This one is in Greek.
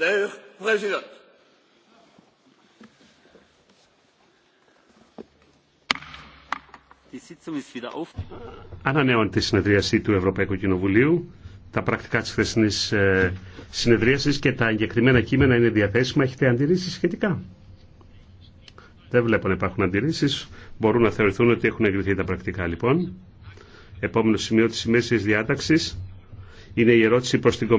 Ανανεώνεται Präsident. Ανανεώνει τη συνεδρίαση του Ευρωπαϊκού Κοινοβουλίου. Τα πρακτικά της χθεσινής ε, συνεδρίασης και τα εγκεκριμένα κείμενα είναι διαθέσιμα. Έχετε αντιρρήσεις σχετικά. Δεν βλέπω να υπάρχουν αντιρρήσεις. Μπορούν να θεωρηθούν ότι έχουν εγκριθεί τα πρακτικά λοιπόν. Επόμενο σημείο της ημέρησης διάταξης είναι η ερώτηση προς την Κομισιόν.